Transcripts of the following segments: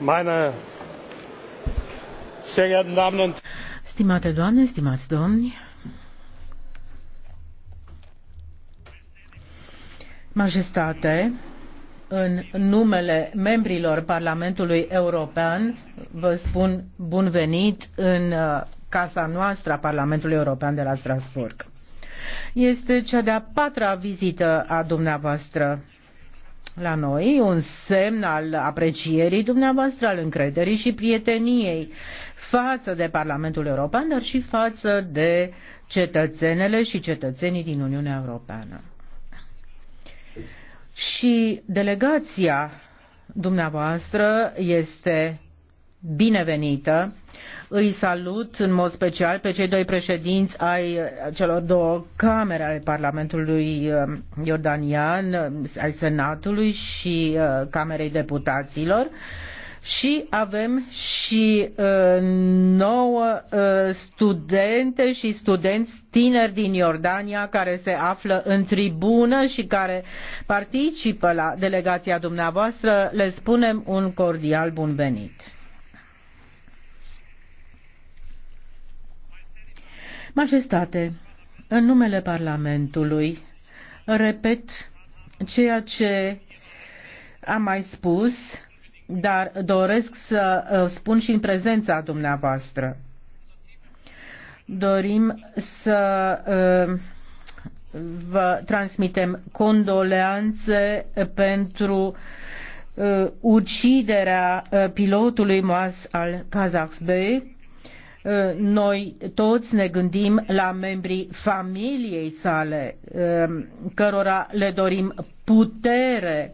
meine sehr geehrten Damen und Stimate doamne, stimați domni, Majestate, în numele membrilor Parlamentului European vă spun bun venit în uh, casa noastră a Parlamentului European de la Strasburg. Este cea de-a patra vizită a dumneavoastră la noi, un semn al aprecierii dumneavoastră, al încrederii și prieteniei față de Parlamentul European, dar și față de cetățenele și cetățenii din Uniunea Europeană. Și delegația dumneavoastră este binevenită îi salut în mod special pe cei doi președinți ai celor două camere ale Parlamentului um, Iordanian, um, ai Senatului și uh, Camerei Deputaților și avem și uh, nouă uh, studente și studenți tineri din Iordania care se află în tribună și care participă la delegația dumneavoastră. Le spunem un cordial bun venit! Majestate, în numele Parlamentului, repet ceea ce am mai spus, dar doresc să uh, spun și în prezența dumneavoastră. Dorim să uh, vă transmitem condoleanțe pentru uh, uciderea pilotului Moas al Kazakhstan noi toți ne gândim la membrii familiei sale, um, cărora le dorim putere,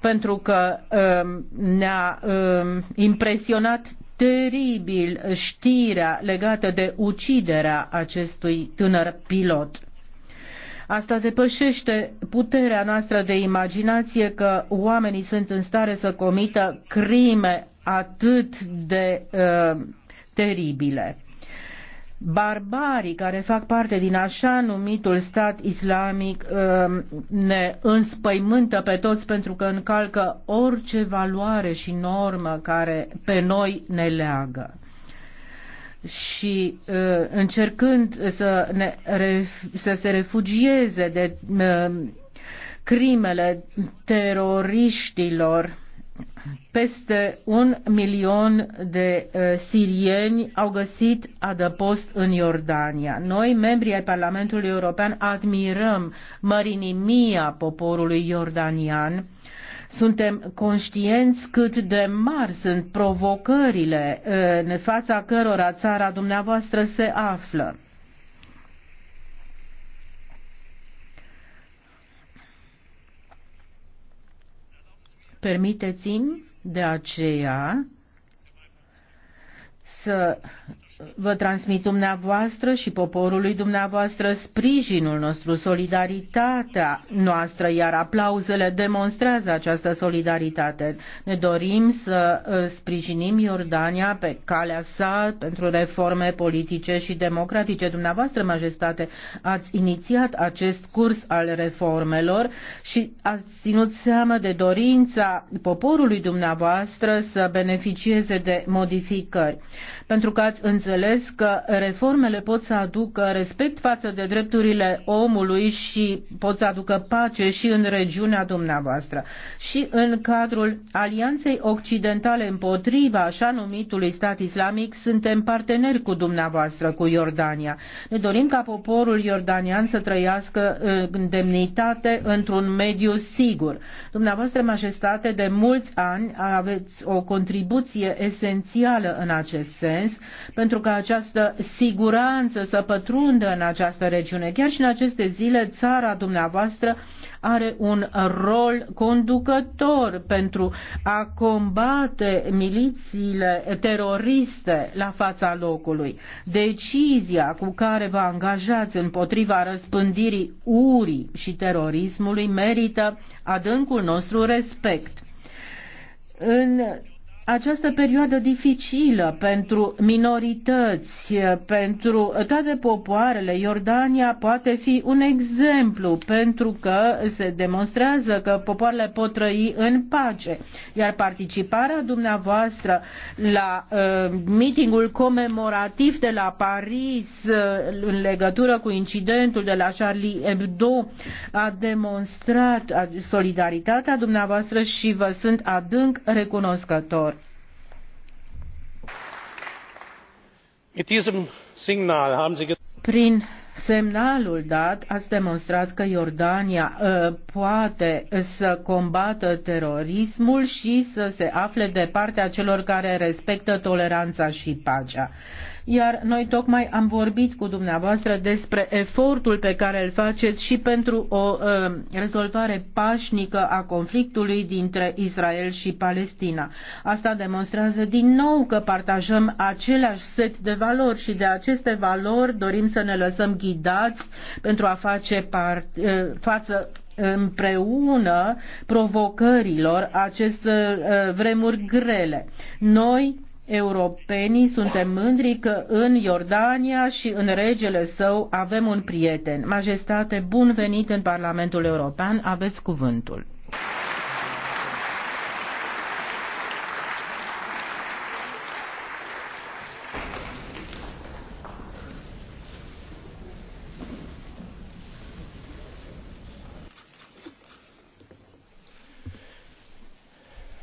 pentru că um, ne-a um, impresionat teribil știrea legată de uciderea acestui tânăr pilot. Asta depășește puterea noastră de imaginație că oamenii sunt în stare să comită crime atât de uh, teribile. Barbarii care fac parte din așa numitul stat islamic um, ne înspăimântă pe toți pentru că încalcă orice valoare și normă care pe noi ne leagă și uh, încercând să, ne, să se refugieze de uh, crimele teroriștilor, peste un milion de uh, sirieni au găsit adăpost în Iordania. Noi, membrii ai Parlamentului European, admirăm mărinimia poporului iordanian suntem conștienți cât de mari sunt provocările uh, în fața cărora țara dumneavoastră se află. Permiteți-mi de aceea să vă transmit dumneavoastră și poporului dumneavoastră sprijinul nostru, solidaritatea noastră, iar aplauzele demonstrează această solidaritate. Ne dorim să uh, sprijinim Iordania pe calea sa pentru reforme politice și democratice. Dumneavoastră, majestate, ați inițiat acest curs al reformelor și ați ținut seama de dorința poporului dumneavoastră să beneficieze de modificări pentru că ați înțeles că reformele pot să aducă respect față de drepturile omului și pot să aducă pace și în regiunea dumneavoastră. Și în cadrul Alianței Occidentale împotriva așa numitului stat islamic suntem parteneri cu dumneavoastră, cu Iordania. Ne dorim ca poporul iordanian să trăiască uh, în demnitate într-un mediu sigur. Dumneavoastră, majestate, de mulți ani aveți o contribuție esențială în acest sens sens pentru ca această siguranță să pătrundă în această regiune. Chiar și în aceste zile, țara dumneavoastră are un rol conducător pentru a combate milițiile teroriste la fața locului. Decizia cu care vă angajați împotriva răspândirii urii și terorismului merită adâncul nostru respect. În această perioadă dificilă pentru minorități, pentru toate popoarele, Iordania poate fi un exemplu pentru că se demonstrează că popoarele pot trăi în pace. Iar participarea dumneavoastră la uh, mitingul comemorativ de la Paris uh, în legătură cu incidentul de la Charlie Hebdo a demonstrat solidaritatea dumneavoastră și vă sunt adânc recunoscător. Prin semnalul dat ați demonstrat că Iordania uh, poate să combată terorismul și să se afle de partea celor care respectă toleranța și pacea iar noi tocmai am vorbit cu dumneavoastră despre efortul pe care îl faceți și pentru o uh, rezolvare pașnică a conflictului dintre Israel și Palestina. Asta demonstrează din nou că partajăm același set de valori și de aceste valori dorim să ne lăsăm ghidați pentru a face part, uh, față împreună provocărilor acestor uh, vremuri grele. Noi europenii suntem mândri că în Iordania și în regele său avem un prieten. Majestate, bun venit în Parlamentul European, aveți cuvântul.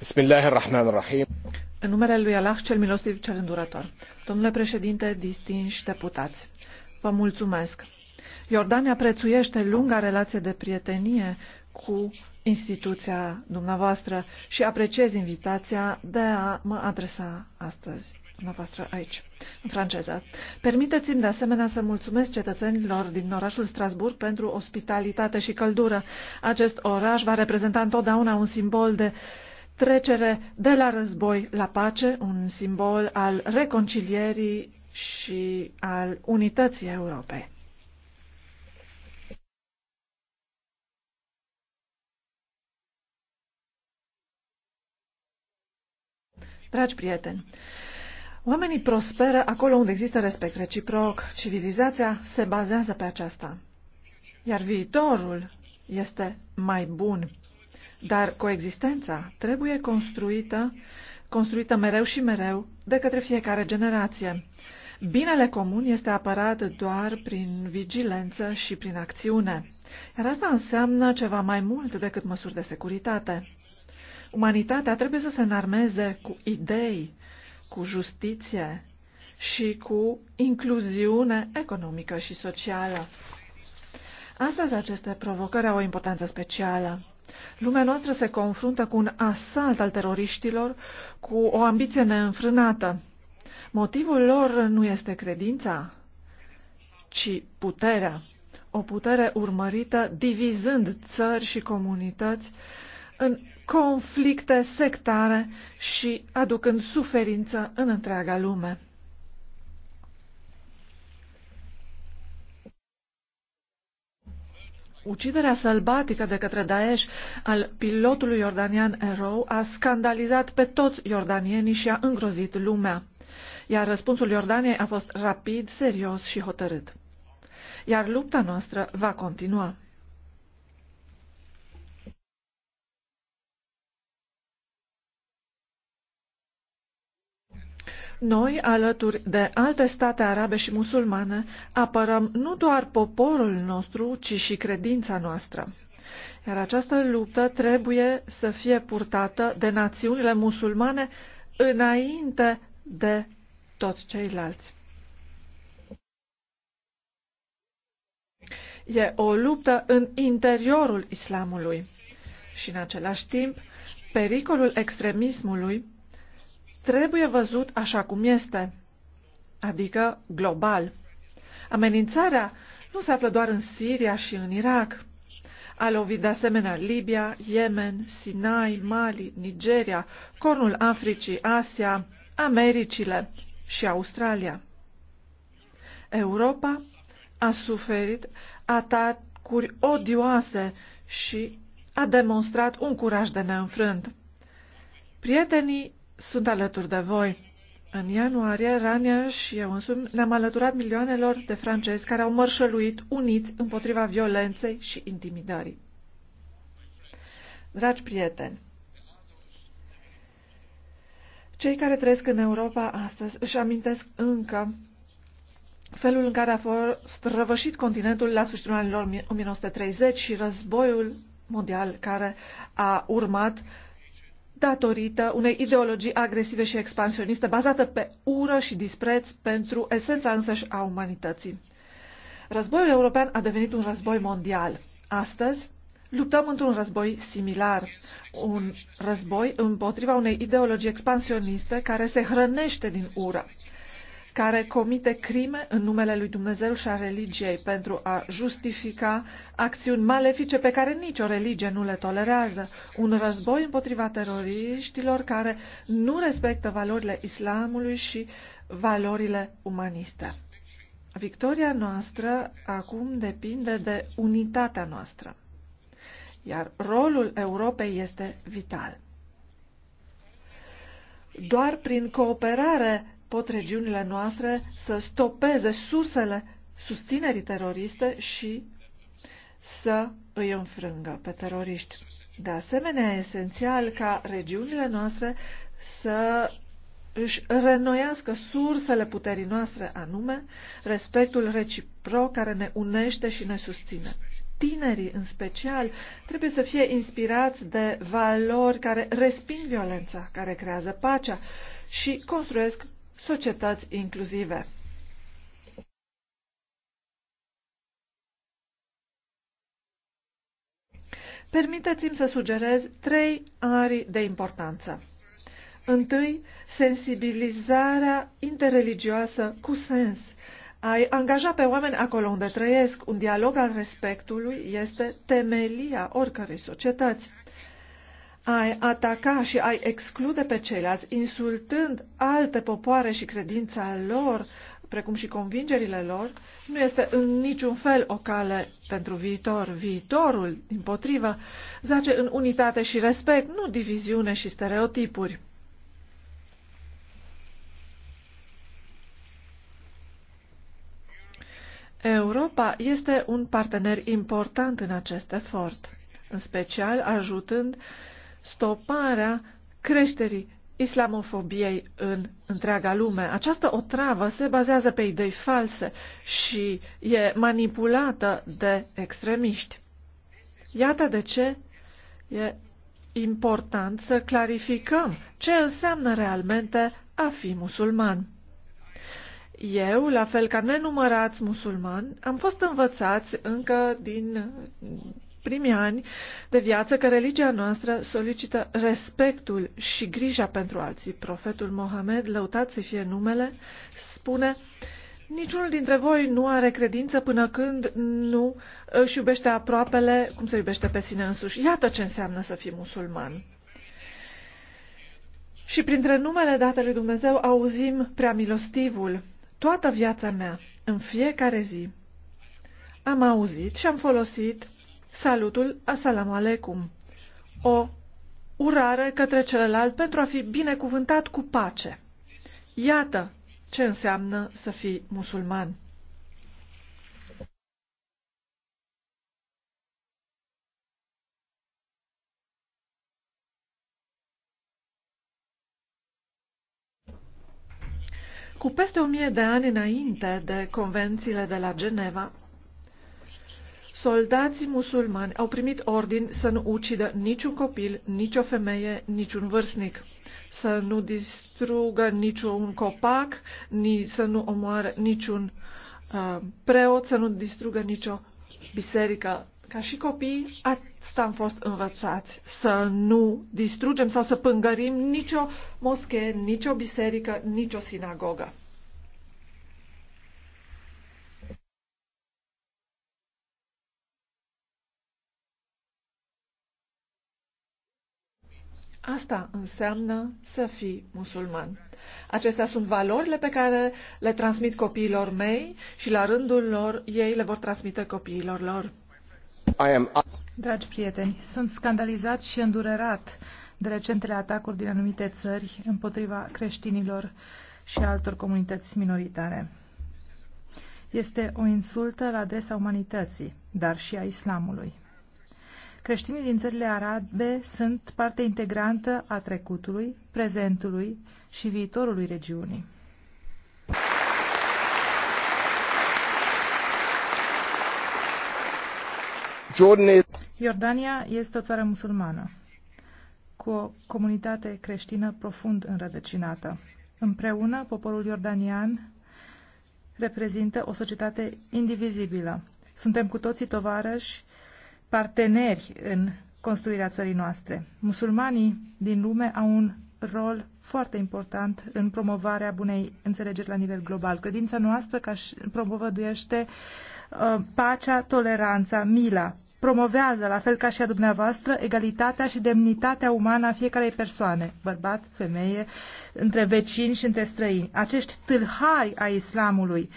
بسم الله الرحمن الرحيم în numele lui Allah, cel milostiv, cel îndurător. Domnule președinte, distinși deputați, vă mulțumesc. Iordania prețuiește lunga relație de prietenie cu instituția dumneavoastră și apreciez invitația de a mă adresa astăzi dumneavoastră aici, în franceză. Permiteți-mi de asemenea să mulțumesc cetățenilor din orașul Strasburg pentru ospitalitate și căldură. Acest oraș va reprezenta întotdeauna un simbol de uh, trecere de la război la pace, un simbol al reconcilierii și al unității Europei. Dragi prieteni, oamenii prosperă acolo unde există respect reciproc. Civilizația se bazează pe aceasta. Iar viitorul este mai bun dar coexistența trebuie construită, construită mereu și mereu de către fiecare generație. Binele comun este apărat doar prin vigilență și prin acțiune, iar asta înseamnă ceva mai mult decât măsuri de securitate. Umanitatea trebuie să se înarmeze cu idei, cu justiție și cu incluziune economică și socială. Astăzi aceste provocări au o importanță specială. Lumea noastră se confruntă cu un asalt al teroriștilor, cu o ambiție neînfrânată. Motivul lor nu este credința, ci puterea. O putere urmărită divizând țări și comunități în conflicte sectare și aducând suferință în întreaga lume. Uciderea sălbatică de către Daesh al pilotului iordanian Erou a scandalizat pe toți iordanienii și a îngrozit lumea, iar răspunsul Iordaniei a fost rapid, serios și hotărât. Iar lupta noastră va continua. Noi, alături de alte state arabe și musulmane, apărăm nu doar poporul nostru, ci și credința noastră. Iar această luptă trebuie să fie purtată de națiunile musulmane înainte de toți ceilalți. E o luptă în interiorul islamului și, în același timp, pericolul extremismului trebuie văzut așa cum este, adică global. Amenințarea nu se află doar în Siria și în Irak. A lovit de asemenea Libia, Yemen, Sinai, Mali, Nigeria, Cornul Africii, Asia, Americile și Australia. Europa a suferit atacuri odioase și a demonstrat un curaj de neînfrânt. Prietenii sunt alături de voi. În ianuarie, Rania și eu însumi ne-am alăturat milioanelor de francezi care au mărșăluit uniți împotriva violenței și intimidării. Dragi prieteni, cei care trăiesc în Europa astăzi își amintesc încă felul în care a fost răvășit continentul la sfârșitul anilor 1930 și războiul mondial care a urmat datorită unei ideologii agresive și expansioniste bazată pe ură și dispreț pentru esența însăși a umanității. Războiul european a devenit un război mondial. Astăzi, luptăm într-un război similar, un război împotriva unei ideologii expansioniste care se hrănește din ură care comite crime în numele lui Dumnezeu și a religiei pentru a justifica acțiuni malefice pe care nicio religie nu le tolerează. Un război împotriva teroriștilor care nu respectă valorile islamului și valorile umaniste. Victoria noastră acum depinde de unitatea noastră, iar rolul Europei este vital. Doar prin cooperare pot regiunile noastre să stopeze sursele susținerii teroriste și să îi înfrângă pe teroriști. De asemenea, e esențial ca regiunile noastre să își renoiască sursele puterii noastre, anume respectul reciproc care ne unește și ne susține. Tinerii, în special, trebuie să fie inspirați de valori care resping violența, care creează pacea și construiesc societăți inclusive. Permiteți-mi să sugerez trei arii de importanță. Întâi, sensibilizarea interreligioasă cu sens. Ai angaja pe oameni acolo unde trăiesc. Un dialog al respectului este temelia oricărei societăți ai ataca și ai exclude pe ceilalți, insultând alte popoare și credința lor, precum și convingerile lor, nu este în niciun fel o cale pentru viitor. Viitorul, din potrivă, zace în unitate și respect, nu diviziune și stereotipuri. Europa este un partener important în acest efort, în special ajutând uh, stoparea creșterii islamofobiei în întreaga lume. Această otravă se bazează pe idei false și e manipulată de extremiști. Iată de ce e important să clarificăm ce înseamnă realmente a fi musulman. Eu, la fel ca nenumărați musulmani, am fost învățați încă din primii ani de viață că religia noastră solicită respectul și grija pentru alții. Profetul Mohamed, lăutat să fie numele, spune Niciunul dintre voi nu are credință până când nu își iubește aproapele cum se iubește pe sine însuși. Iată ce înseamnă să fii musulman. Și printre numele date lui Dumnezeu auzim prea milostivul. Toată viața mea, în fiecare zi, am auzit și am folosit salutul Assalamu alaikum, o urare către celălalt pentru a fi binecuvântat cu pace. Iată ce înseamnă să fii musulman. Cu peste o mie de ani înainte de convențiile de la Geneva, Soldații musulmani au primit ordin să nu ucidă niciun copil, nicio femeie, niciun vârstnic, să nu distrugă niciun copac, ni, să nu omoare niciun uh, preot, să nu distrugă nicio biserică. Ca și copii, asta am fost învățați, să nu distrugem sau să pângărim nicio moschee, nicio biserică, nicio sinagogă. Asta înseamnă să fii musulman. Acestea sunt valorile pe care le transmit copiilor mei și la rândul lor ei le vor transmite copiilor lor. I am... Dragi prieteni, sunt scandalizat și îndurerat de recentele atacuri din anumite țări împotriva creștinilor și altor comunități minoritare. Este o insultă la adresa umanității, dar și a islamului. Creștinii din țările arabe sunt parte integrantă a trecutului, prezentului și viitorului regiunii. Iordania este o țară musulmană, cu o comunitate creștină profund înrădăcinată. Împreună, poporul iordanian reprezintă o societate indivizibilă. Suntem cu toții tovarăși parteneri în construirea țării noastre. Musulmanii din lume au un rol foarte important în promovarea bunei înțelegeri la nivel global. Credința noastră ca și promovăduiește uh, pacea, toleranța, mila promovează, la fel ca și a dumneavoastră, egalitatea și demnitatea umană a fiecarei persoane, bărbat, femeie, între vecini și între străini. Acești tâlhari a islamului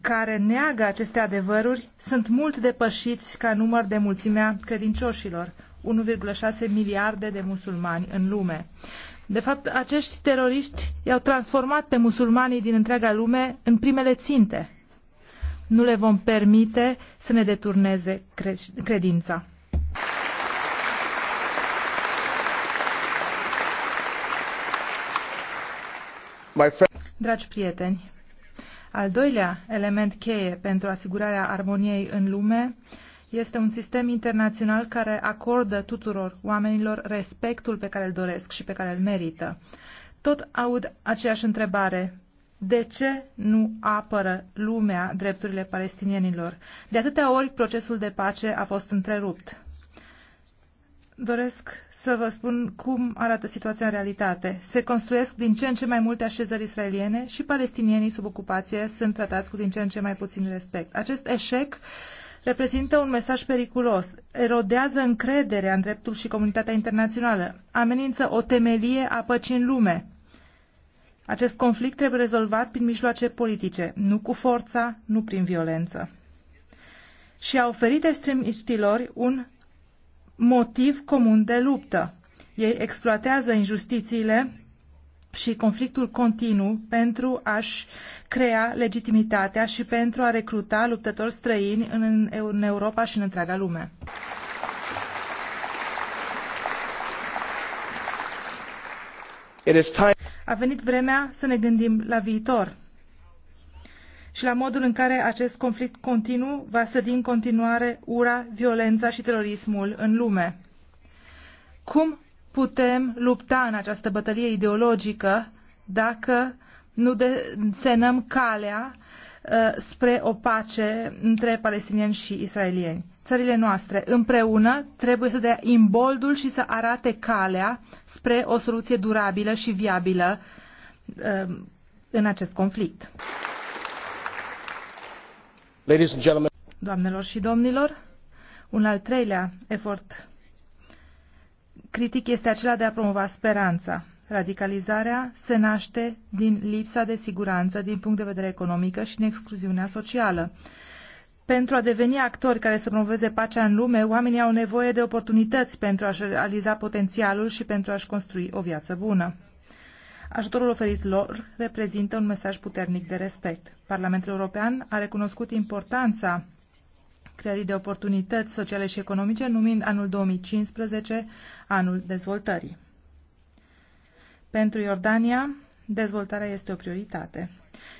care neagă aceste adevăruri sunt mult depășiți ca număr de mulțimea credincioșilor, 1,6 miliarde de musulmani în lume. De fapt, acești teroriști i-au transformat pe musulmanii din întreaga lume în primele ținte nu le vom permite să ne deturneze credința. Dragi prieteni, al doilea element cheie pentru asigurarea armoniei în lume este un sistem internațional care acordă tuturor oamenilor respectul pe care îl doresc și pe care îl merită. Tot aud aceeași întrebare de ce nu apără lumea drepturile palestinienilor? De atâtea ori procesul de pace a fost întrerupt. Doresc să vă spun cum arată situația în realitate. Se construiesc din ce în ce mai multe așezări israeliene și palestinienii sub ocupație sunt tratați cu din ce în ce mai puțin respect. Acest eșec reprezintă un mesaj periculos, erodează încrederea în dreptul și comunitatea internațională, amenință o temelie a păcii în lume acest conflict trebuie rezolvat prin mijloace politice, nu cu forța, nu prin violență. Și a oferit extremiștilor un motiv comun de luptă. Ei exploatează injustițiile și conflictul continuu pentru a-și crea legitimitatea și pentru a recruta luptători străini în Europa și în întreaga lume. It is time a venit vremea să ne gândim la viitor și la modul în care acest conflict continuu va să din continuare ura, violența și terorismul în lume. Cum putem lupta în această bătălie ideologică dacă nu desenăm calea Uh, spre o pace între palestinieni și israelieni. Țările noastre împreună trebuie să dea imboldul și să arate calea spre o soluție durabilă și viabilă uh, în acest conflict. Doamnelor și domnilor, un al treilea efort critic este acela de a promova speranța. Radicalizarea se naște din lipsa de siguranță din punct de vedere economică și din excluziunea socială. Pentru a deveni actori care să promoveze pacea în lume, oamenii au nevoie de oportunități pentru a-și realiza potențialul și pentru a-și construi o viață bună. Ajutorul oferit lor reprezintă un mesaj puternic de respect. Parlamentul European a recunoscut importanța creării de oportunități sociale și economice, numind anul 2015 anul dezvoltării. Pentru Iordania, dezvoltarea este o prioritate.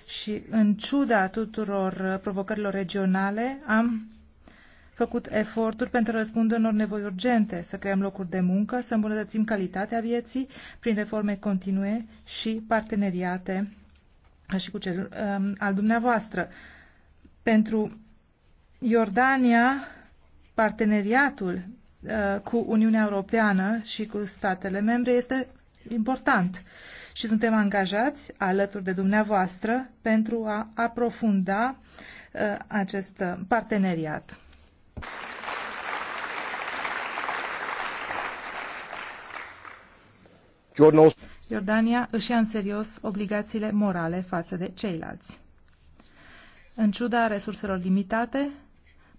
Și în ciuda tuturor uh, provocărilor regionale, am făcut eforturi pentru a răspunde unor nevoi urgente, să creăm locuri de muncă, să îmbunătățim calitatea vieții prin reforme continue și parteneriate și cu cel um, al dumneavoastră. Pentru Iordania, parteneriatul uh, cu Uniunea Europeană și cu statele membre este important și suntem angajați alături de dumneavoastră pentru a aprofunda uh, acest uh, parteneriat. Iordania își ia în serios obligațiile morale față de ceilalți. În ciuda resurselor limitate,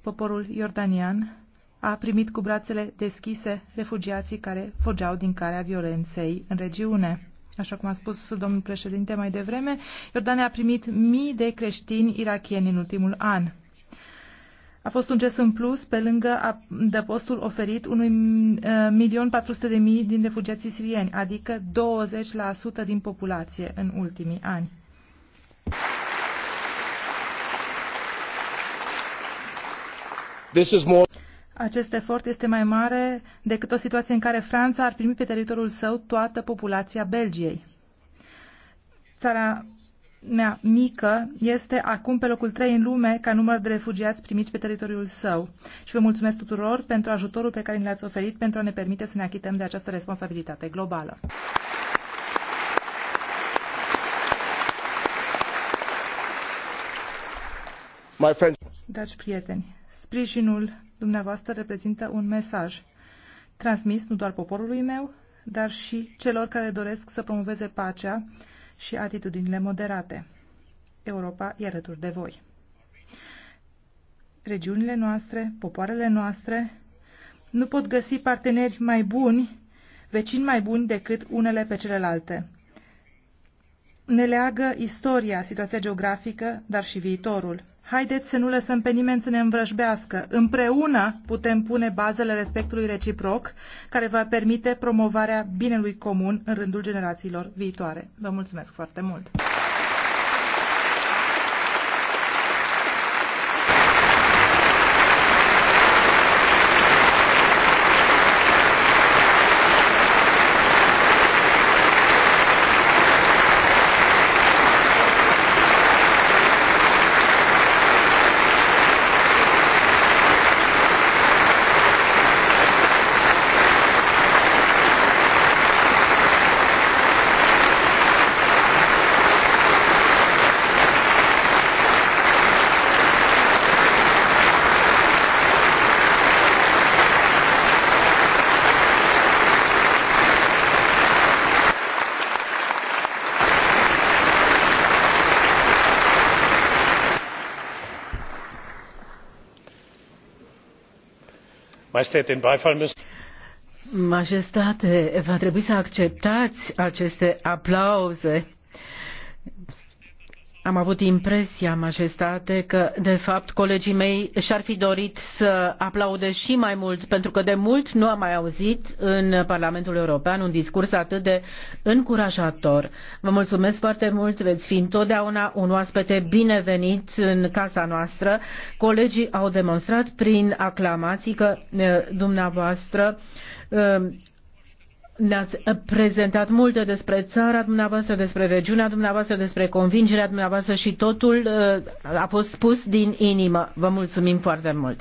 poporul iordanian a primit cu brațele deschise refugiații care fugeau din carea violenței în regiune. Așa cum a spus domnul președinte mai devreme, Iordania a primit mii de creștini irakieni în ultimul an. A fost un gest în plus pe lângă depostul oferit unui eh, milion 400 de mii din refugiații sirieni, adică 20% din populație în ultimii ani. This is more acest efort este mai mare decât o situație în care Franța ar primi pe teritoriul său toată populația Belgiei. Țara mea mică este acum pe locul 3 în lume ca număr de refugiați primiți pe teritoriul său. Și vă mulțumesc tuturor pentru ajutorul pe care ni l-ați oferit pentru a ne permite să ne achităm de această responsabilitate globală. My friend. Dragi prieteni, sprijinul dumneavoastră reprezintă un mesaj transmis nu doar poporului meu, dar și celor care doresc să promoveze pacea și atitudinile moderate. Europa e alături de voi. Regiunile noastre, popoarele noastre, nu pot găsi parteneri mai buni, vecini mai buni decât unele pe celelalte ne leagă istoria, situația geografică, dar și viitorul. Haideți să nu lăsăm pe nimeni să ne învrăjbească. Împreună putem pune bazele respectului reciproc, care va permite promovarea binelui comun în rândul generațiilor viitoare. Vă mulțumesc foarte mult! Majestate, va trebui să acceptați aceste aplauze. Am avut impresia, majestate, că, de fapt, colegii mei și-ar fi dorit să aplaude și mai mult, pentru că de mult nu am mai auzit în Parlamentul European un discurs atât de încurajator. Vă mulțumesc foarte mult, veți fi întotdeauna un oaspete binevenit în casa noastră. Colegii au demonstrat prin aclamații că eh, dumneavoastră eh, ne-ați eh, prezentat multe despre țara dumneavoastră, despre regiunea dumneavoastră, despre convingerea dumneavoastră și totul eh, a fost spus din inimă. Vă mulțumim foarte mult!